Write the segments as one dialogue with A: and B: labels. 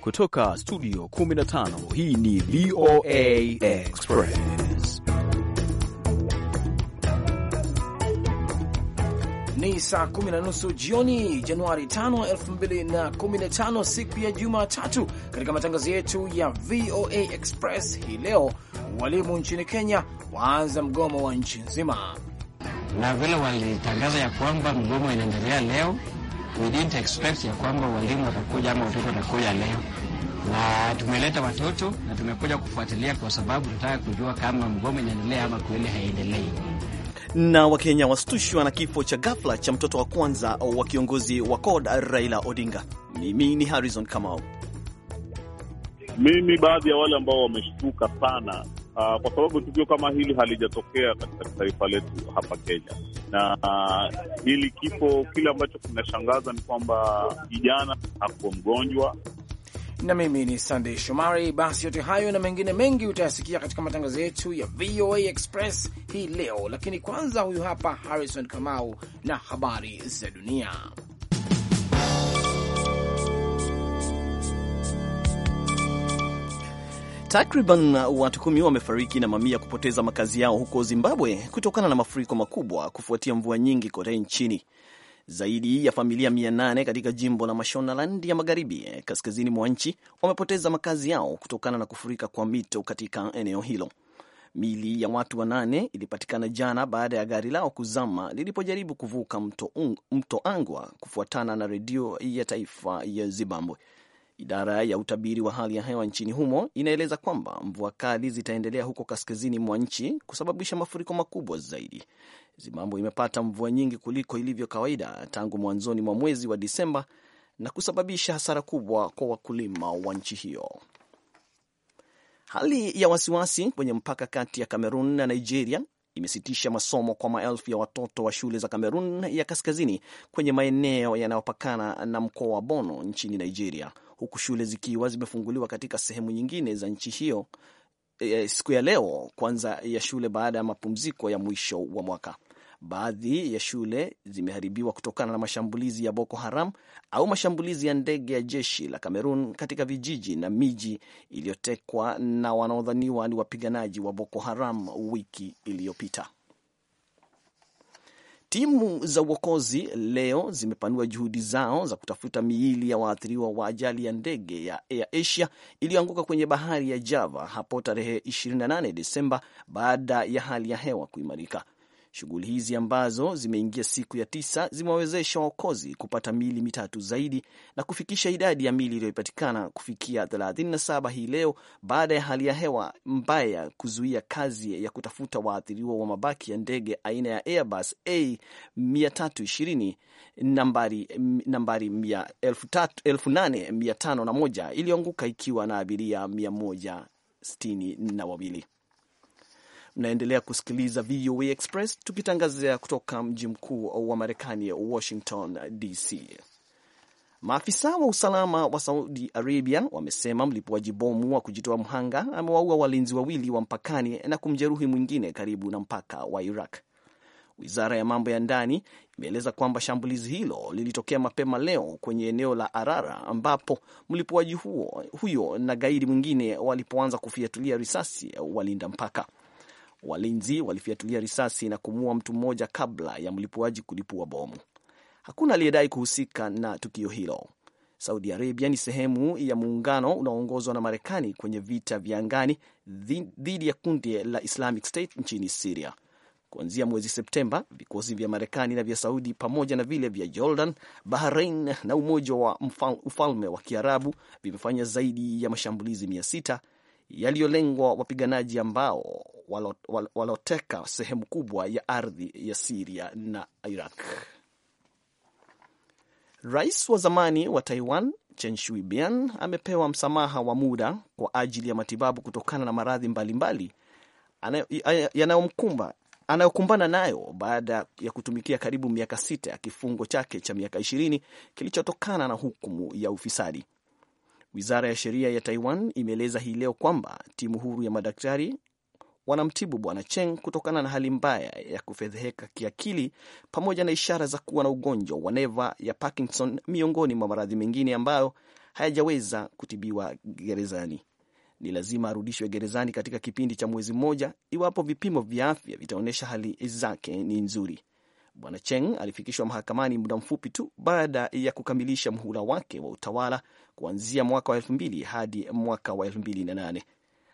A: Kutoka studio 15 hii ni VOA Express.
B: Ni saa kumi na nusu jioni, Januari 5, 2015, siku ya Jumatatu. Katika matangazo yetu ya VOA Express hii leo, walimu nchini Kenya waanza mgomo wa nchi nzima, na vile walitangaza ya kwamba mgomo inaendelea leo
A: we didn't expect ya kwamba walimu watakuja ama watoto watakuja leo, na tumeleta watoto na tumekuja kufuatilia kwa sababu tunataka kujua kama mgomo inaendelea ama kweli haiendelei. Na Wakenya wastushwa na kifo cha ghafla cha mtoto wa kwanza wa kiongozi wa
C: CORD Raila Odinga. Mimi ni Harrison Kamau. Mimi baadhi ya wale ambao wameshtuka sana uh, kwa sababu tukio kama hili halijatokea katika taifa letu hapa Kenya. Na uh, hili kifo, kile ambacho kinashangaza ni kwamba kijana hakuwa mgonjwa. Na mimi ni Sandey Shomari.
B: Basi yote hayo na mengine mengi utayasikia katika matangazo yetu ya VOA Express hii leo, lakini kwanza, huyu hapa Harrison Kamau na habari za dunia.
A: Takriban watu kumi wamefariki na mamia kupoteza makazi yao huko Zimbabwe kutokana na mafuriko makubwa kufuatia mvua nyingi kote nchini. Zaidi ya familia 800 katika jimbo la Mashonaland ya magharibi eh, kaskazini mwa nchi wamepoteza makazi yao kutokana na kufurika kwa mito katika eneo hilo. Mili ya watu wanane ilipatikana jana baada ya gari lao kuzama lilipojaribu kuvuka mto, mto Angwa kufuatana na redio ya taifa ya Zimbabwe. Idara ya utabiri wa hali ya hewa nchini humo inaeleza kwamba mvua kali zitaendelea huko kaskazini mwa nchi kusababisha mafuriko makubwa zaidi. Zimbabwe imepata mvua nyingi kuliko ilivyo kawaida tangu mwanzoni mwa mwezi wa Disemba na kusababisha hasara kubwa kwa wakulima wa nchi hiyo. Hali ya wasiwasi kwenye mpaka kati ya Kamerun na Nigeria imesitisha masomo kwa maelfu ya watoto wa shule za Kamerun ya kaskazini kwenye maeneo yanayopakana na mkoa wa Bono nchini Nigeria, huku shule zikiwa zimefunguliwa katika sehemu nyingine za nchi hiyo e, siku ya leo kwanza ya shule baada ya mapumziko ya mwisho wa mwaka. Baadhi ya shule zimeharibiwa kutokana na mashambulizi ya Boko Haram au mashambulizi ya ndege ya jeshi la Kamerun katika vijiji na miji iliyotekwa na wanaodhaniwa ni wapiganaji wa Boko Haram wiki iliyopita. Timu za uokozi leo zimepanua juhudi zao za kutafuta miili ya waathiriwa wa ajali ya ndege ya Air Asia iliyoanguka kwenye bahari ya Java hapo tarehe 28 Desemba baada ya hali ya hewa kuimarika. Shughuli hizi ambazo zimeingia siku ya tisa zimewawezesha waokozi kupata mili mitatu zaidi na kufikisha idadi ya mili iliyopatikana kufikia 37 hii leo baada ya hali ya hewa mbaya kuzuia kazi ya kutafuta waathiriwa wa mabaki ya ndege aina ya Airbus A320 nambari, nambari 8501 iliyoanguka ikiwa na abiria 162. Mnaendelea kusikiliza VOA Express tukitangazia kutoka mji mkuu wa Marekani, Washington DC. Maafisa wa usalama wa Saudi Arabia wamesema mlipuaji bomu wa kujitoa mhanga amewaua walinzi wawili wa mpakani na kumjeruhi mwingine karibu na mpaka wa Iraq. Wizara ya mambo ya ndani imeeleza kwamba shambulizi hilo lilitokea mapema leo kwenye eneo la Arara ambapo mlipuaji huyo na gaidi mwingine walipoanza kufiatulia risasi walinda mpaka. Walinzi walifyatulia risasi na kumua mtu mmoja kabla ya mlipuaji kulipua bomu. Hakuna aliyedai kuhusika na tukio hilo. Saudi Arabia ni sehemu ya muungano unaoongozwa na Marekani kwenye vita vya angani dhidi ya kundi la Islamic State nchini Siria. Kuanzia mwezi Septemba, vikosi vya Marekani na vya Saudi pamoja na vile vya Jordan, Bahrain na Umoja wa Ufalme wa Kiarabu vimefanya zaidi ya mashambulizi mia sita yaliyolengwa wapiganaji ambao waloteka sehemu kubwa ya ardhi ya Siria na Iraq. Rais wa zamani wa Taiwan Chen Shui-bian amepewa msamaha wa muda kwa ajili ya matibabu kutokana na maradhi mbalimbali yanayomkumba anayokumbana nayo baada ya kutumikia karibu miaka sita ya kifungo chake cha miaka ishirini kilichotokana na hukumu ya ufisadi. Wizara ya sheria ya Taiwan imeeleza hii leo kwamba timu huru ya madaktari wanamtibu Bwana Cheng kutokana na hali mbaya ya kufedheheka kiakili pamoja na ishara za kuwa na ugonjwa wa neva ya Parkinson, miongoni mwa maradhi mengine ambayo hayajaweza kutibiwa gerezani. Ni lazima arudishwe gerezani katika kipindi cha mwezi mmoja iwapo vipimo vya afya vitaonyesha hali zake ni nzuri. Bwana Cheng alifikishwa mahakamani muda mfupi tu baada ya kukamilisha mhula wake wa utawala kuanzia mwaka wa 2000 hadi mwaka wa 2008.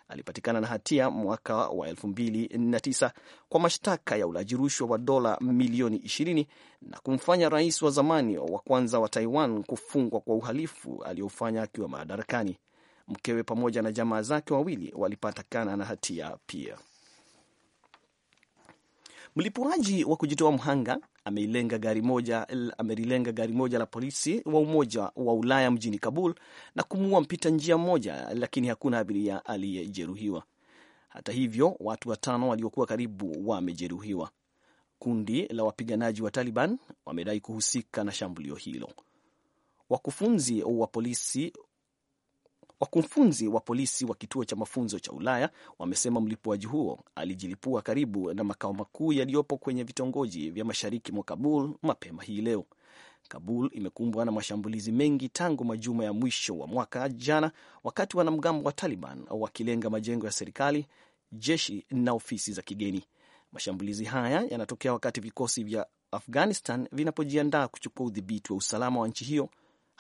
A: Alipatikana na hatia mwaka wa 2009 kwa mashtaka ya ulaji rushwa wa dola milioni ishirini na kumfanya rais wa zamani wa kwanza wa Taiwan kufungwa kwa uhalifu aliofanya akiwa madarakani. Mkewe pamoja na jamaa zake wawili walipatikana na hatia pia. Mlipuaji wa kujitoa mhanga ameilenga gari moja, amelilenga gari moja la polisi wa Umoja wa Ulaya mjini Kabul na kumuua mpita njia mmoja, lakini hakuna abiria aliyejeruhiwa. Hata hivyo, watu watano waliokuwa karibu wamejeruhiwa. Kundi la wapiganaji wa Taliban wamedai kuhusika na shambulio hilo. Wakufunzi wa polisi Wakufunzi wa polisi wa kituo cha mafunzo cha Ulaya wamesema mlipuaji huo alijilipua karibu na makao makuu yaliyopo kwenye vitongoji vya mashariki mwa Kabul mapema hii leo. Kabul imekumbwa na mashambulizi mengi tangu majuma ya mwisho wa mwaka jana, wakati wanamgambo wa Taliban wakilenga majengo ya serikali, jeshi na ofisi za kigeni. Mashambulizi haya yanatokea wakati vikosi vya Afghanistan vinapojiandaa kuchukua udhibiti wa usalama wa nchi hiyo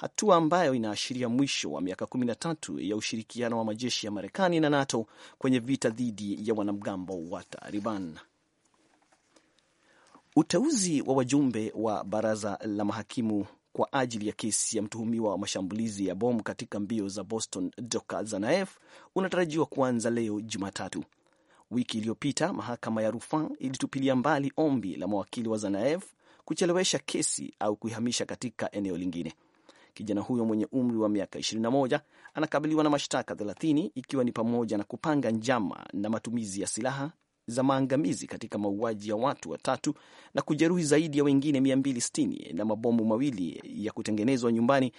A: hatua ambayo inaashiria mwisho wa miaka tatu ya ushirikiano wa majeshi ya Marekani na NATO kwenye vita dhidi ya wanamgambo wa Taliban. Uteuzi wa wajumbe wa baraza la mahakimu kwa ajili ya kesi ya mtuhumiwa wa mashambulizi ya bomu katika mbio za Boston Doka Zanaef unatarajiwa kuanza leo Jumatatu. Wiki iliyopita mahakama ya rufaa ilitupilia mbali ombi la mawakili wa Zanaef kuchelewesha kesi au kuihamisha katika eneo lingine. Kijana huyo mwenye umri wa miaka 21 anakabiliwa na mashtaka 30 ikiwa ni pamoja na kupanga njama na matumizi ya silaha za maangamizi katika mauaji ya watu watatu na kujeruhi zaidi ya wengine 260 na mabomu mawili ya kutengenezwa nyumbani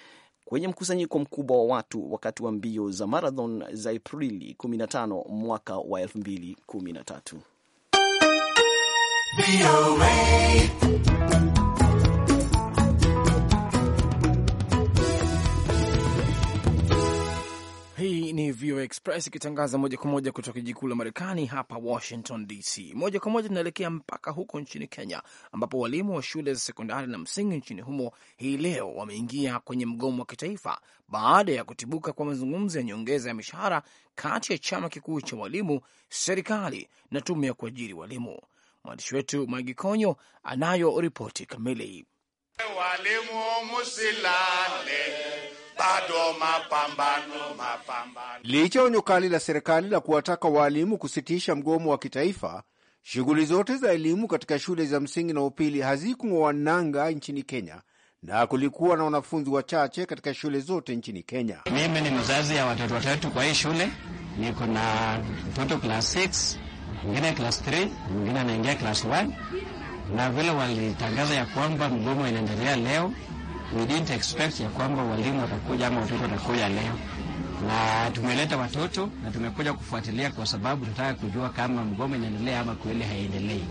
A: kwenye mkusanyiko mkubwa wa watu wakati wa mbio za marathon za Aprili 15 mwaka wa
D: 2013.
B: VOA Express ikitangaza moja kwa moja kutoka jiji kuu la Marekani hapa Washington DC. Moja kwa moja tunaelekea mpaka huko nchini Kenya, ambapo walimu wa shule za sekondari na msingi nchini humo hii leo wameingia kwenye mgomo wa kitaifa baada ya kutibuka kwa mazungumzo ya nyongeza ya mishahara kati ya chama kikuu cha walimu, serikali na tume ya kuajiri walimu. Mwandishi wetu Magi Konyo anayo ripoti kamili.
E: Walimu
C: musilale bado mapambano, mapambano.
B: Licha onyo kali
E: la serikali la kuwataka waalimu kusitisha mgomo wa kitaifa, shughuli zote za elimu katika shule za msingi na upili hazikung'oa nanga nchini Kenya na kulikuwa na wanafunzi wachache katika shule zote nchini Kenya.
A: Mimi ni mzazi ya watoto watatu kwa hii shule, niko na mtoto class 6, mwingine class 3, mwingine anaingia class 1, na vile walitangaza ya kwamba mgomo inaendelea leo we didn't expect ya kwamba walimu watakuja ama watoto watakuja leo, na tumeleta watoto na tumekuja kufuatilia kwa sababu tunataka kujua kama mgomo inaendelea ama kweli haiendelei.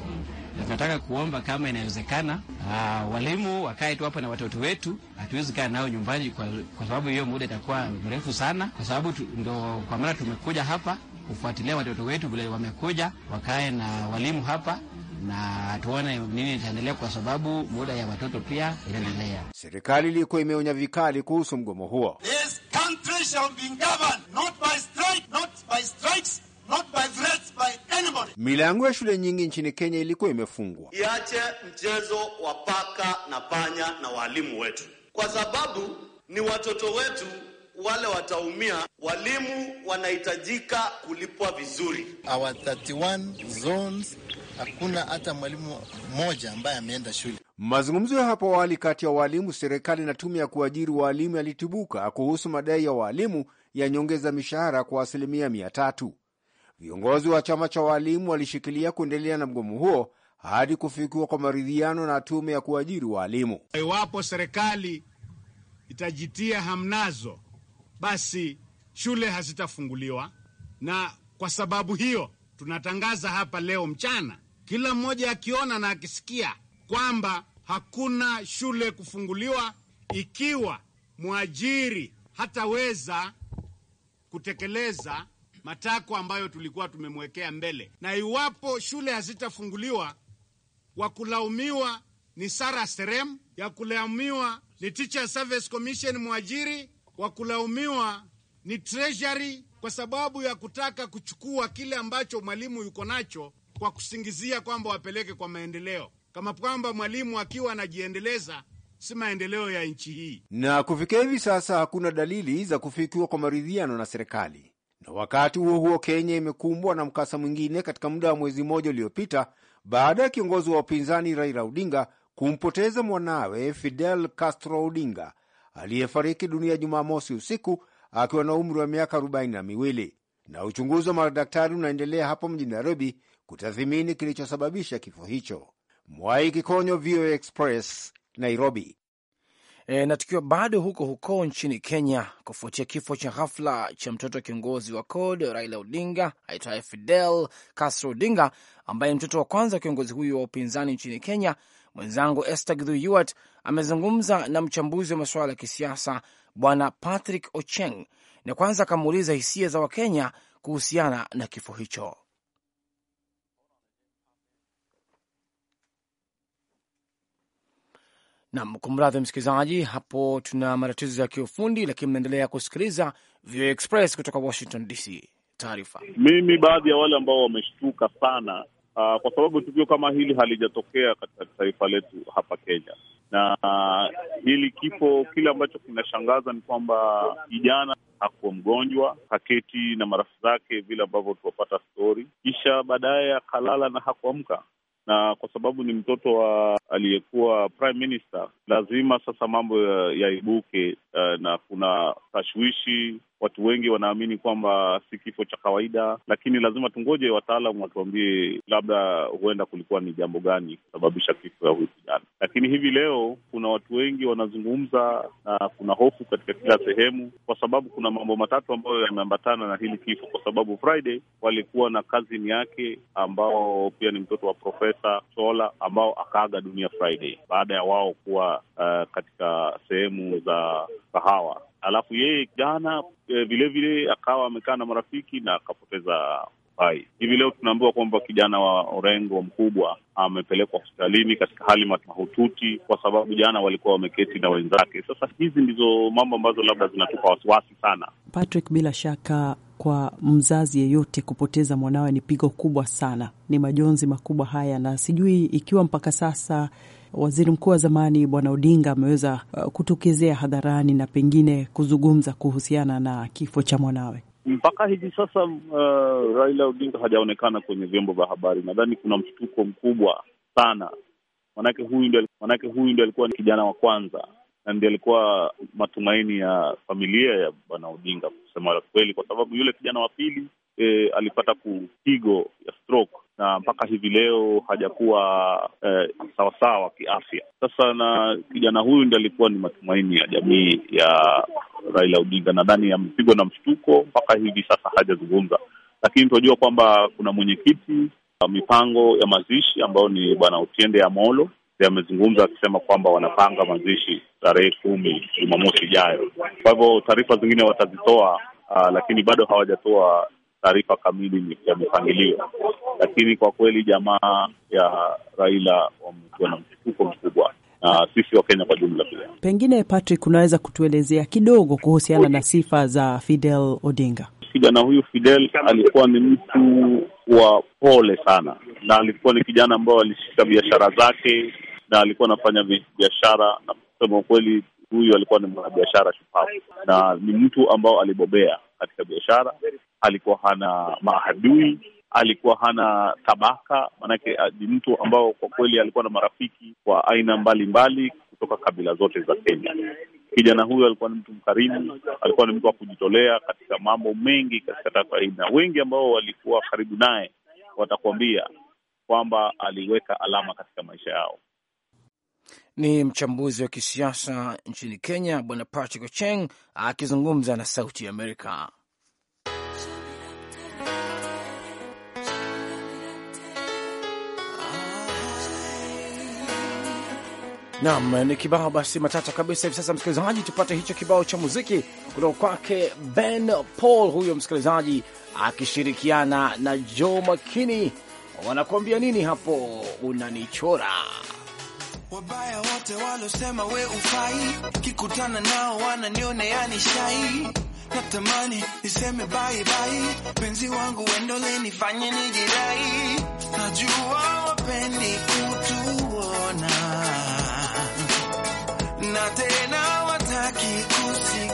A: Tunataka kuomba kama inawezekana, uh, walimu wakae tu hapa na watoto wetu. Hatuwezi kaa nao nyumbani kwa, kwa sababu hiyo muda itakuwa mrefu sana, kwa sababu ndo kwa maana tumekuja hapa kufuatilia watoto wetu vile wamekuja, wakae na walimu hapa na tuone nini itaendelea, kwa sababu muda ya watoto pia inaendelea.
E: Serikali ilikuwa imeonya vikali kuhusu mgomo huo. This country shall be governed not by strike, not
C: by strikes
E: Milango ya shule nyingi nchini Kenya ilikuwa imefungwa.
C: Iache mchezo wa paka na panya na walimu wetu, kwa sababu ni watoto wetu wale wataumia. Walimu wanahitajika kulipwa vizuri.
E: Our 31 zones hakuna hata mwalimu mmoja ambaye ameenda shule. Mazungumzo ya hapo awali kati ya waalimu, serikali na tume ya kuajiri waalimu yalitibuka kuhusu madai ya waalimu ya nyongeza mishahara kwa asilimia mia tatu. Viongozi wa chama cha waalimu walishikilia kuendelea na mgomo huo hadi kufikiwa kwa maridhiano na tume ya kuajiri waalimu. Iwapo serikali itajitia hamnazo, basi shule hazitafunguliwa, na kwa sababu hiyo tunatangaza hapa leo mchana kila mmoja akiona na akisikia kwamba hakuna shule kufunguliwa ikiwa mwajiri hataweza kutekeleza matakwa ambayo tulikuwa tumemwekea mbele, na iwapo shule hazitafunguliwa, wakulaumiwa ni Sara Serem, ya kulaumiwa ni Teacher Service Commission mwajiri, wakulaumiwa ni Treasury kwa sababu ya kutaka kuchukua kile ambacho mwalimu yuko nacho kwa kusingizia kwamba wapeleke kwa maendeleo, kama kwamba mwalimu akiwa anajiendeleza si maendeleo ya nchi hii. Na kufikia hivi sasa hakuna dalili za kufikiwa kwa maridhiano na serikali. Na wakati huo huo, Kenya imekumbwa na mkasa mwingine katika muda wa mwezi mmoja uliopita baada ya kiongozi wa upinzani Raila Odinga kumpoteza mwanawe Fidel Castro Odinga aliyefariki dunia Jumamosi usiku akiwa na umri wa miaka arobaini na miwili. Na uchunguzi wa madaktari unaendelea hapo mjini Nairobi kutathimini kilichosababisha kifo hicho.
B: Mwai Kikonyo, VOA Express, Nairobi. E, na tukiwa bado huko huko nchini Kenya, kufuatia kifo cha ghafla cha mtoto wa kiongozi wa CORD Raila Odinga aitwaye Fidel Castro Odinga, ambaye mtoto wa kwanza wa kiongozi huyo wa upinzani nchini Kenya, mwenzangu Esther Githu-Yuart amezungumza na mchambuzi wa masuala ya kisiasa Bwana Patrick Ocheng, na kwanza akamuuliza hisia za Wakenya kuhusiana na kifo hicho. Nam, kumradhi msikilizaji, hapo tuna matatizo ya kiufundi, lakini mnaendelea kusikiliza VOA Express kutoka Washington DC.
C: Taarifa mimi, baadhi ya wale ambao wameshtuka sana uh, kwa sababu tukio kama hili halijatokea katika taifa letu hapa Kenya, na uh, hili kifo, kile ambacho kinashangaza ni kwamba kijana hakuwa mgonjwa, haketi na marafiki zake vile ambavyo tuwapata stori, kisha baadaye akalala na hakuamka na kwa sababu ni mtoto wa aliyekuwa prime minister, lazima sasa mambo yaibuke ya eh, na kuna tashwishi. Watu wengi wanaamini kwamba si kifo cha kawaida, lakini lazima tungoje wataalam watuambie, labda huenda kulikuwa ni jambo gani kusababisha kifo ya huyu kijana. Lakini hivi leo kuna watu wengi wanazungumza na kuna hofu katika kila sehemu, kwa sababu kuna mambo matatu ambayo yameambatana na hili kifo, kwa sababu Friday walikuwa na kazini yake ambao pia ni mtoto wa Profesa Sola ambao akaaga dunia Friday baada ya wao kuwa uh, katika sehemu za kahawa alafu yeye jana vilevile eh, akawa amekaa na marafiki na akapoteza hai. Hivi leo tunaambiwa kwamba kijana wa Orengo mkubwa amepelekwa hospitalini katika hali mahututi, kwa sababu jana walikuwa wameketi na wenzake. Sasa hizi ndizo mambo ambazo labda zinatupa wasiwasi sana,
A: Patrick. Bila shaka kwa mzazi yeyote kupoteza mwanawe ni pigo kubwa sana, ni majonzi makubwa haya, na sijui ikiwa mpaka sasa waziri mkuu wa zamani Bwana Odinga ameweza uh, kutokezea hadharani na pengine kuzungumza kuhusiana na kifo cha mwanawe
C: mpaka hivi sasa uh, Raila Odinga hajaonekana kwenye vyombo vya habari. Nadhani kuna mshtuko mkubwa sana, manake huyu ndio manake huyu ndio alikuwa ni kijana wa kwanza na ndio alikuwa matumaini ya familia ya bwana Odinga, kusema la kweli, kwa sababu yule kijana wa pili eh, alipata kupigo ya stroke na mpaka hivi leo hajakuwa eh, sawasawa kiafya. Sasa na kijana huyu ndi alikuwa ni matumaini ya jamii ya Raila Odinga. Nadhani amepigwa na mshtuko, mpaka hivi sasa hajazungumza, lakini tunajua kwamba kuna mwenyekiti wa mipango ya mazishi ambayo ni Bwana Otiende Amolo amezungumza akisema kwamba wanapanga mazishi tarehe kumi Jumamosi ijayo. Kwa hivyo taarifa zingine watazitoa, uh, lakini bado hawajatoa taarifa kamili ya mipangilio, lakini kwa kweli jamaa ya Raila wamekuwa na msukuko mkubwa na sisi Wakenya kwa jumla. Pia
A: pengine, Patrick, unaweza kutuelezea kidogo kuhusiana na sifa za Fidel Odinga?
C: Kijana huyu Fidel alikuwa ni mtu wa pole sana, na alikuwa ni kijana ambayo alishika biashara zake na alikuwa anafanya biashara, na kusema ukweli, huyu alikuwa ni mwanabiashara shupavu na ni mtu ambao alibobea katika biashara, alikuwa hana maadui, alikuwa hana tabaka, maanake ah, ni mtu ambao kwa kweli alikuwa na marafiki wa aina mbalimbali mbali kutoka kabila zote za Kenya. Kijana huyu alikuwa ni mtu mkarimu, alikuwa ni mtu wa kujitolea katika mambo mengi katika taifa hili, na wengi ambao walikuwa karibu naye watakuambia kwamba aliweka alama katika maisha yao.
B: Ni mchambuzi wa kisiasa nchini Kenya, Bwana Patrick Ocheng akizungumza na Sauti ya Amerika. Nam, ni kibao basi matata kabisa hivi sasa, msikilizaji, tupate hicho kibao cha muziki kutoka kwake Ben Paul, huyo msikilizaji akishirikiana na Joe Makini. Wanakuambia nini hapo, unanichora
D: Wabaya wote walosema we ufai, kikutana nao wananiona yani shai. Natamani niseme bye bye, penzi wangu wendole, nifanye nijirai. Najua wapendi kutuona na tena wataki kusi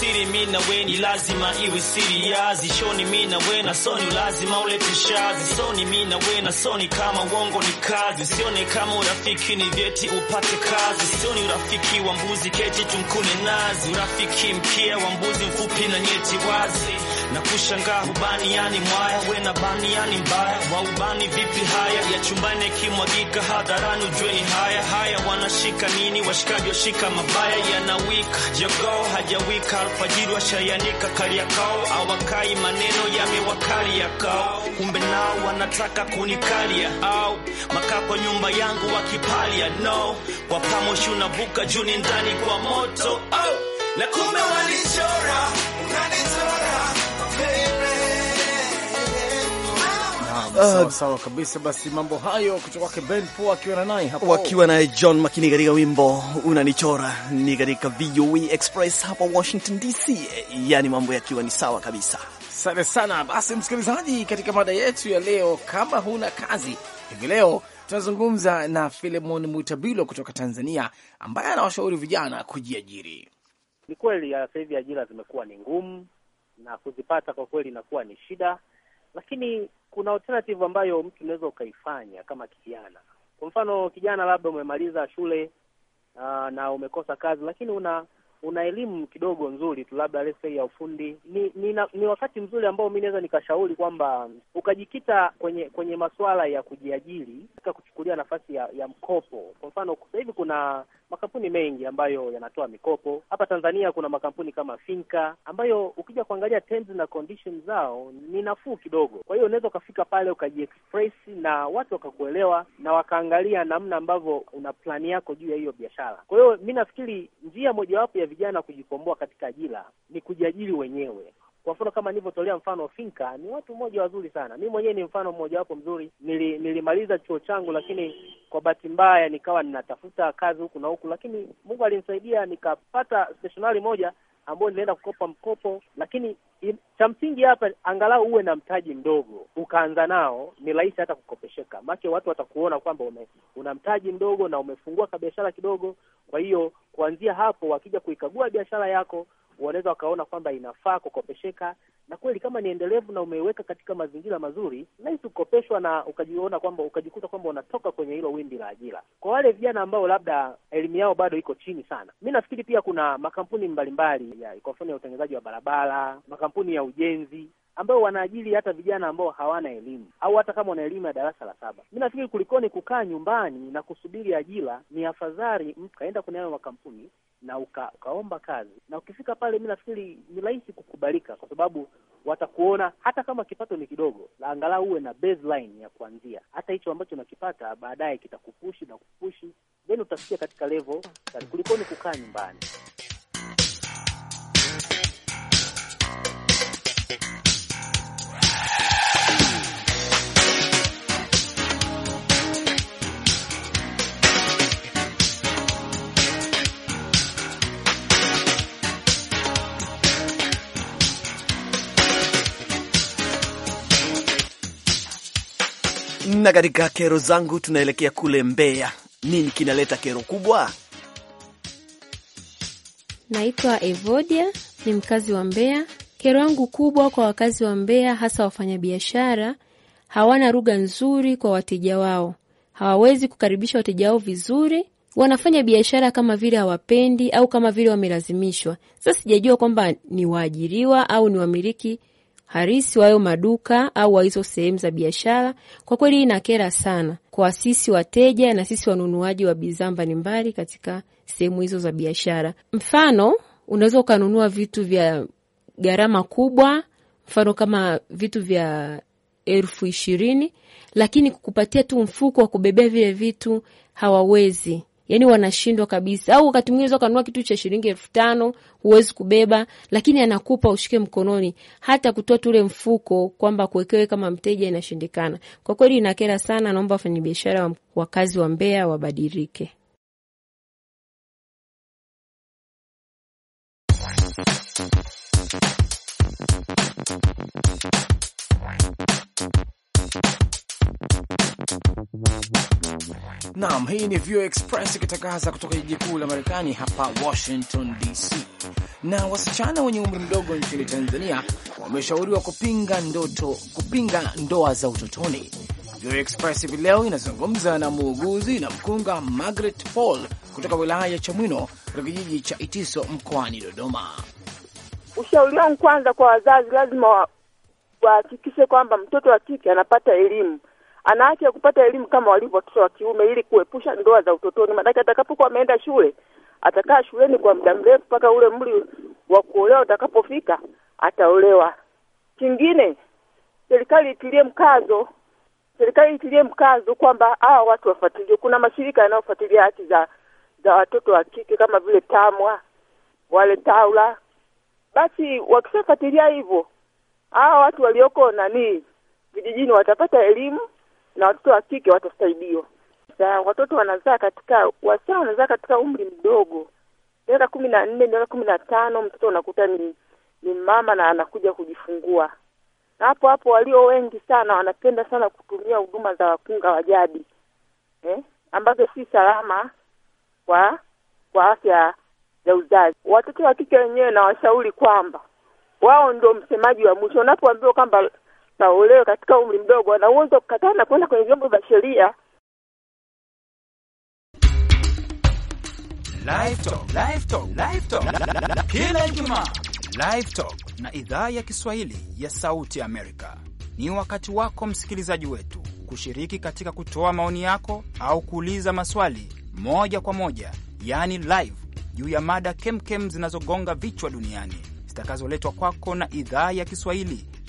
A: siri, mi na we ni lazima iwe siri yazi shoni, mi na we na soni, lazima ulete shazi soni, mi na we na soni, kama uongo ni kazi, sione kama urafiki ni vyeti upate kazi, sioni urafiki wa mbuzi keti tumkune nazi, urafiki mkia wa mbuzi mfupi na nyeti wazi na kushangaa ubani yani mwaya we na bani yani mbaya waubani vipi haya ya chumbani yakimwagika hadharani ujueni haya haya wanashika nini washikaji washika mabaya yanawika jogoo hajawika alfajiri washayanika kaliakao awakai maneno yamewakali yakao kumbe nao wanataka kunikalia au makako nyumba yangu wakipalia no kwa pamoshi unavuka juni ndani kwa moto oh. na kumbe walichora unanitora
B: Sawa sawa kabisa. Basi mambo hayo kutoka kwake Ben Pol akiwa naye hapo, wakiwa
A: naye John Makini katika wimbo unanichora, ni katika VOA e Express hapa Washington DC, yani mambo yakiwa ni sawa kabisa.
B: Asante sana. Basi msikilizaji, katika mada yetu ya leo, kama huna kazi hivi leo tunazungumza na Filemon Mutabilo kutoka Tanzania ambaye anawashauri vijana kujiajiri.
F: Ni kweli sasa hivi ajira zimekuwa ni ngumu na kuzipata kwa kweli inakuwa ni shida, lakini kuna alternative ambayo mtu unaweza ukaifanya kama kijana. Kwa mfano, kijana labda umemaliza shule uh, na umekosa kazi, lakini una una elimu kidogo nzuri tu labda let's ya ufundi. Ni ni, na, ni wakati mzuri ambao mi naweza nikashauri kwamba ukajikita kwenye kwenye masuala ya kujiajiri, kuchukulia nafasi ya, ya mkopo. Kwa mfano sasa hivi kuna makampuni mengi ambayo yanatoa mikopo hapa Tanzania. Kuna makampuni kama Finka ambayo ukija kuangalia terms na conditions zao ni nafuu kidogo. Kwa hiyo unaweza ukafika pale ukajiexpress na watu wakakuelewa na wakaangalia namna ambavyo una plani yako juu ya hiyo biashara. Kwa hiyo mi nafikiri njia mojawapo ya vijana kujikomboa katika ajira ni kujiajiri wenyewe. Kwa mfano kama nilivyotolea mfano Finka, ni watu mmoja wazuri sana. Mi mwenyewe ni mfano mmojawapo mzuri. Nili, nilimaliza chuo changu, lakini kwa bahati mbaya nikawa ninatafuta kazi huku na huku, lakini Mungu alinisaidia nikapata stationari moja ambayo nilienda kukopa mkopo, lakini cha msingi hapa, angalau uwe na mtaji mdogo, ukaanza nao, ni rahisi hata kukopesheka, maake watu watakuona kwamba ume, una mtaji mdogo na umefungua kabiashara kidogo. Kwa hiyo kuanzia hapo, wakija kuikagua biashara yako wanaweza wakaona kwamba inafaa kukopesheka, na kweli kama ni endelevu na umeweka katika mazingira mazuri, rahisi kukopeshwa na ukajiona kwamba ukajikuta kwamba unatoka kwenye hilo wimbi la ajira. Kwa wale vijana ambao labda elimu yao bado iko chini sana, mi nafikiri pia kuna makampuni mbalimbali kwa mfano ya utengenezaji wa barabara, makampuni ya ujenzi ambao wanaajili hata vijana ambao hawana elimu au hata kama wana elimu ya darasa la saba. Mi nafikiri kulikoni kukaa nyumbani na kusubiri ajira, ni afadhali mtu kaenda kwenye hayo makampuni na uka, ukaomba kazi, na ukifika pale, mi nafikiri ni rahisi kukubalika, kwa sababu watakuona hata kama kipato ni kidogo, la angalau uwe na baseline ya kuanzia. Hata hicho ambacho unakipata baadaye kitakupushi na kupushi, then utafikia katika level kulikoni kukaa nyumbani.
A: Na katika kero zangu tunaelekea kule Mbeya. Nini kinaleta kero kubwa?
G: Naitwa Evodia, ni mkazi wa Mbeya. Kero yangu kubwa kwa wakazi wa Mbeya, hasa wafanyabiashara, hawana lugha nzuri kwa wateja wao, hawawezi kukaribisha wateja wao vizuri. Wanafanya biashara kama vile hawapendi au kama vile wamelazimishwa. Sasa sijajua kwamba ni waajiriwa au ni wamiliki harisi wa hayo maduka au wa hizo sehemu za biashara. Kwa kweli hii inakera sana kwa sisi wateja na sisi wanunuaji wa bidhaa mbalimbali katika sehemu hizo za biashara. Mfano, unaweza ukanunua vitu vya gharama kubwa, mfano kama vitu vya elfu ishirini, lakini kukupatia tu mfuko wa kubebea vile vitu hawawezi yani wanashindwa kabisa. Au wakati mwingine ukanunua kitu cha shilingi elfu tano huwezi kubeba, lakini anakupa ushike mkononi, hata kutoa tule mfuko kwamba kuwekewe kama mteja inashindikana. Kwa kweli inakera sana, naomba wafanyabiashara wakazi wa Mbeya wabadilike.
B: Naam, hii ni VOA Express ikitangaza kutoka jiji kuu la Marekani hapa Washington DC. Na wasichana wenye umri mdogo nchini Tanzania wameshauriwa kupinga ndoto, kupinga ndoa za utotoni. VOA Express hivi leo inazungumza na muuguzi na mkunga Margaret Paul kutoka wilaya ya Chamwino katika kijiji cha Itiso mkoani Dodoma.
H: Ushauri wangu kwanza kwa wazazi, lazima wahakikishe kwamba mtoto wa kike anapata elimu ana haki ya kupata elimu kama walivyo watoto wa kiume ili kuepusha ndoa za utotoni, maanake atakapokuwa ameenda shule atakaa shuleni kwa muda mrefu mpaka ule umri wa kuolewa utakapofika ataolewa. Kingine, serikali itilie mkazo, serikali itilie mkazo kwamba hawa watu wafuatiliwe. Kuna mashirika yanayofuatilia haki za za watoto wa kike kama vile TAMWA wale taula Basi wakishafuatilia hivyo hawa watu walioko nani vijijini watapata elimu na watoto wa kike watasaidiwa. Sa, watoto wanazaa katika wasichana wanazaa katika umri mdogo, miaka kumi na nne miaka kumi na tano mtoto unakuta ni ni mama na anakuja kujifungua, na hapo hapo walio wengi sana wanapenda sana kutumia huduma za wakunga wa jadi eh, ambazo si salama kwa kwa afya za uzazi. Watoto wa kike wenyewe na kwamba wao ndio msemaji wa mwisho. Unapoambiwa kwamba waolewe katika umri mdogo, wana uwezo wa kukataa na kwenda kwenye vyombo vya sheria.
E: Kila Ijumaa Live Talk na idhaa ya Kiswahili ya Sauti ya Amerika ni wakati wako msikilizaji wetu kushiriki katika kutoa maoni yako au kuuliza maswali moja kwa moja, yaani live, juu ya mada kemkem zinazogonga vichwa duniani zitakazoletwa kwako na idhaa ya Kiswahili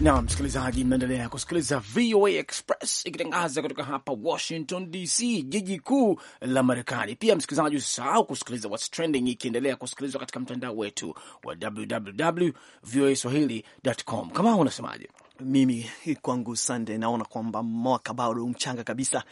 B: na msikilizaji, mnaendelea kusikiliza VOA Express ikitangaza kutoka hapa Washington DC, jiji kuu la Marekani. Pia msikilizaji, usisahau kusikiliza What's Trending ikiendelea kusikilizwa katika mtandao wetu wa www voa swahili.com. Kama unasemaje? Mimi kwangu Sande,
A: naona kwamba mwaka bado mchanga kabisa.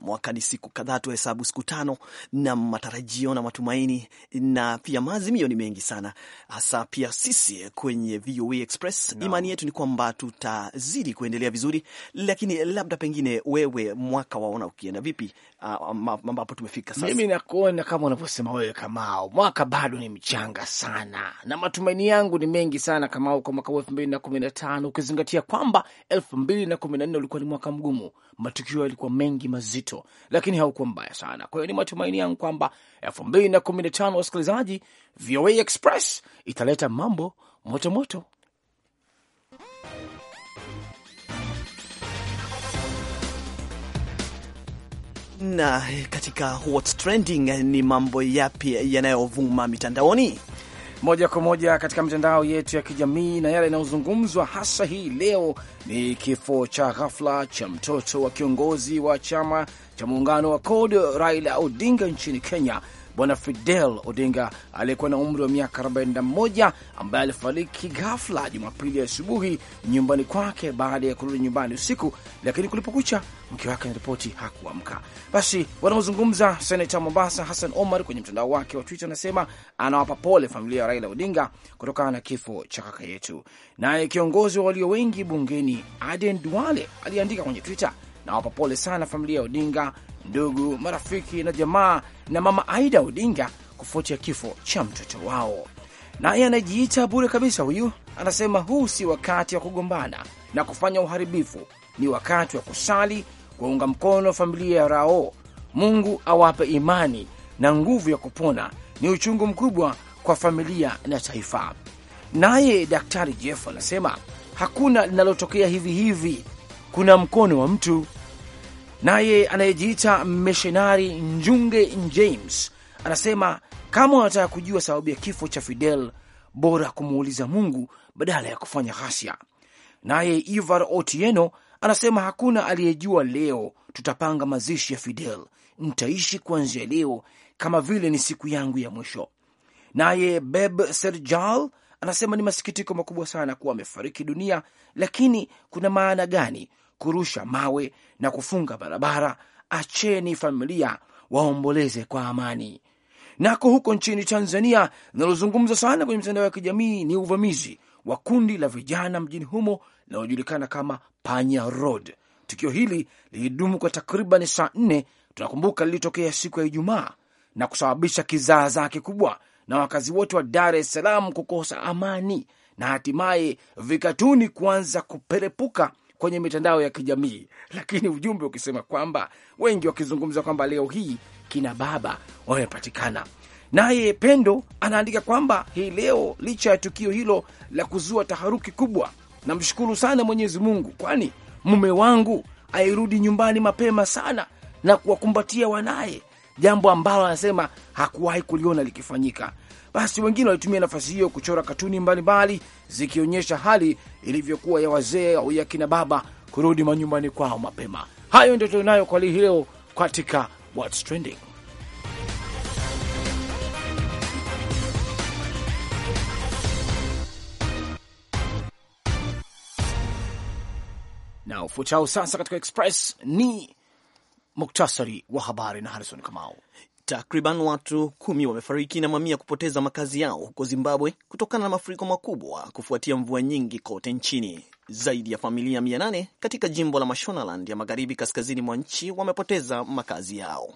A: Mwaka ni siku kadhaa tu, hesabu siku tano, na matarajio na matumaini na pia maazimio ni mengi sana, hasa pia sisi kwenye VOA e Express no. Imani yetu ni kwamba tutazidi kuendelea vizuri, lakini labda pengine wewe mwaka waona ukienda vipi, ambapo tumefika sasa. Mimi
B: nakuona kama unavyosema wewe, Kamao, mwaka bado ni mchanga sana na matumaini yangu ni mengi sana, Kamao, kwa mwaka wa elfu mbili na kumi na tano ukizingatia kwamba elfu mbili na kumi na nne ulikuwa ni mwaka mgumu, matukio yalikuwa mengi mazito, lakini haukuwa mbaya sana. Kwa hiyo ni matumaini yangu kwamba elfu mbili na kumi na tano wasikilizaji, VOA Express italeta mambo motomoto moto.
A: Na katika what's
B: trending, ni mambo yapi yanayovuma mitandaoni? moja kwa moja katika mitandao yetu ya kijamii, na yale yanayozungumzwa hasa hii leo ni kifo cha ghafla cha mtoto wa kiongozi wa chama cha muungano wa CORD Raila Odinga nchini Kenya Bwana Fidel Odinga aliyekuwa na umri wa miaka 41 ambaye alifariki ghafla Jumapili asubuhi nyumbani kwake baada ya kurudi nyumbani usiku, lakini kulipokucha mke wake anaripoti hakuamka. Basi wanaozungumza senata Mombasa Hassan Omar kwenye mtandao wake wa Twitter anasema anawapa pole familia ya Raila Odinga kutokana na kifo cha kaka yetu. Naye kiongozi wa walio wengi bungeni Aden Duale aliandika kwenye Twitter nawapa pole sana familia ya Odinga, ndugu, marafiki na jamaa na mama Aida Odinga kufuatia kifo cha mtoto wao. Naye anajiita bure kabisa huyu, anasema huu si wakati wa kugombana na kufanya uharibifu, ni wakati wa kusali, kuunga mkono familia ya Rao. Mungu awape imani na nguvu ya kupona. Ni uchungu mkubwa kwa familia na taifa. Naye Daktari Jeff anasema hakuna linalotokea hivi hivi, kuna mkono wa mtu Naye anayejiita mishonari Njunge James anasema kama wanataka kujua sababu ya kifo cha Fidel, bora kumuuliza Mungu badala ya kufanya ghasia. Naye Ivar Otieno anasema hakuna aliyejua leo, tutapanga mazishi ya Fidel, ntaishi kuanzia leo kama vile ni siku yangu ya mwisho. Naye Beb Serjal anasema ni masikitiko makubwa sana kuwa amefariki dunia, lakini kuna maana gani kurusha mawe na kufunga barabara. Acheni familia waomboleze kwa amani. Nako huko nchini Tanzania, linalozungumza sana kwenye mitandao ya kijamii ni uvamizi wa kundi la vijana mjini humo linalojulikana kama Panya Road. Tukio hili lilidumu kwa takriban saa nne. Tunakumbuka lilitokea siku ya Ijumaa na kusababisha kizaazaa kikubwa na wakazi wote wa Dar es Salaam kukosa amani na hatimaye vikatuni kuanza kuperepuka kwenye mitandao ya kijamii, lakini ujumbe ukisema kwamba wengi wakizungumza kwamba leo hii kina baba wamepatikana. Naye Pendo anaandika kwamba hii leo, licha ya tukio hilo la kuzua taharuki kubwa, namshukuru sana Mwenyezi Mungu, kwani mume wangu airudi nyumbani mapema sana na kuwakumbatia wanaye, jambo ambalo anasema hakuwahi kuliona likifanyika. Basi wengine walitumia nafasi hiyo kuchora katuni mbalimbali zikionyesha hali ilivyokuwa ya wazee au ya kina baba kurudi manyumbani kwao mapema. Hayo ndio tulionayo kwa hii leo katika What's Trending. na ufuatao sasa katika Express ni muktasari wa habari na Harrison Kamau.
A: Takriban watu kumi wamefariki na mamia kupoteza makazi yao huko Zimbabwe kutokana na mafuriko makubwa kufuatia mvua nyingi kote nchini. Zaidi ya familia 8 katika jimbo la Mashonaland ya magharibi kaskazini mwa nchi wamepoteza makazi yao.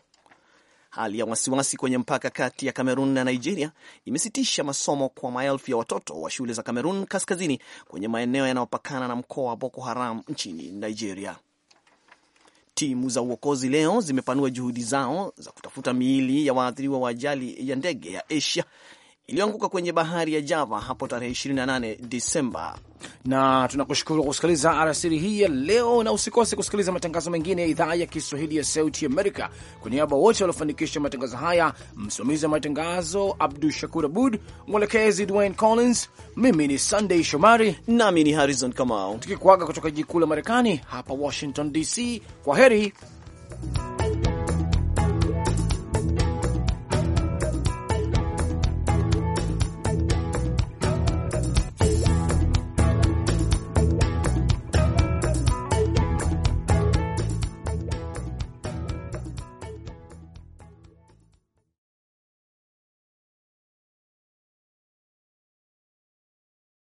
A: Hali ya wasiwasi kwenye mpaka kati ya Kamerun na Nigeria imesitisha masomo kwa maelfu ya watoto wa shule za Kamerun kaskazini kwenye maeneo yanayopakana na mkoa wa Boko Haram nchini Nigeria. Timu za uokozi leo zimepanua juhudi zao za kutafuta miili ya waathiriwa wa ajali ya ndege ya Asia iliyoanguka kwenye bahari ya Java hapo tarehe
B: 28 Disemba. Na tunakushukuru kusikiliza arasiri hii ya leo, na usikose kusikiliza matangazo mengine ya idhaa ya Kiswahili ya Sauti Amerika. Kwa niaba wote waliofanikisha matangazo haya, msimamizi wa matangazo Abdu Shakur Abud, mwelekezi Dwayne Collins, mimi ni Sunday Shomari nami ni Harrison Kamau, tukikuaga kutoka jiji kuu la Marekani hapa Washington DC. Kwa heri.